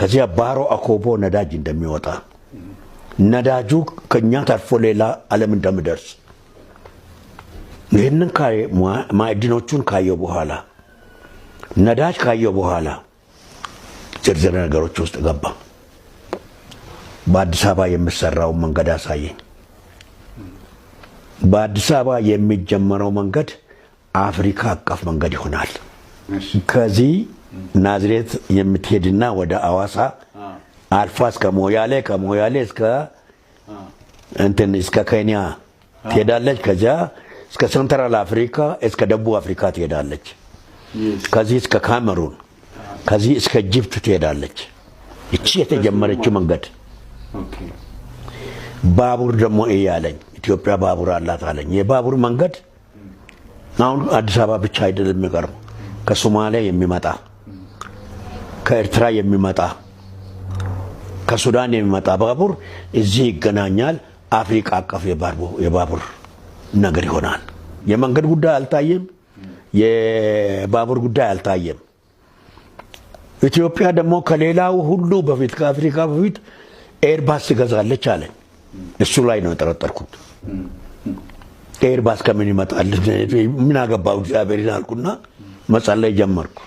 ከዚያ ባሮ አኮቦ ነዳጅ እንደሚወጣ ነዳጁ ከእኛ ተርፎ ሌላ ዓለም እንደሚደርስ ይህንን ማዕድኖቹን ካየው በኋላ ነዳጅ ካየው በኋላ ዝርዝር ነገሮች ውስጥ ገባ። በአዲስ አበባ የሚሰራውን መንገድ አሳየኝ። በአዲስ አበባ የሚጀመረው መንገድ አፍሪካ አቀፍ መንገድ ይሆናል። ከዚህ ናዝሬት የምትሄድና ወደ አዋሳ አልፋ እስከ ሞያሌ ከሞያሌ እስከ እንትን እስከ ኬንያ ትሄዳለች። ከዚያ እስከ ሰንትራል አፍሪካ እስከ ደቡብ አፍሪካ ትሄዳለች። ከዚህ እስከ ካሜሩን፣ ከዚህ እስከ ጅብት ትሄዳለች። እቺ የተጀመረችው መንገድ ባቡር ደግሞ እያለኝ ኢትዮጵያ ባቡር አላት አለኝ። የባቡር መንገድ አሁን አዲስ አበባ ብቻ አይደለም የሚቀርበው ከሶማሊያ የሚመጣ ከኤርትራ የሚመጣ ከሱዳን የሚመጣ ባቡር እዚህ ይገናኛል። አፍሪካ አቀፍ የባቡር ነገር ይሆናል። የመንገድ ጉዳይ አልታየም። የባቡር ጉዳይ አልታየም። ኢትዮጵያ ደግሞ ከሌላው ሁሉ በፊት ከአፍሪካ በፊት ኤርባስ ትገዛለች አለኝ። እሱ ላይ ነው የጠረጠርኩት። ኤርባስ ከምን ይመጣል? ምን አገባው እግዚአብሔርን አልኩና መጸለይ ጀመርኩ።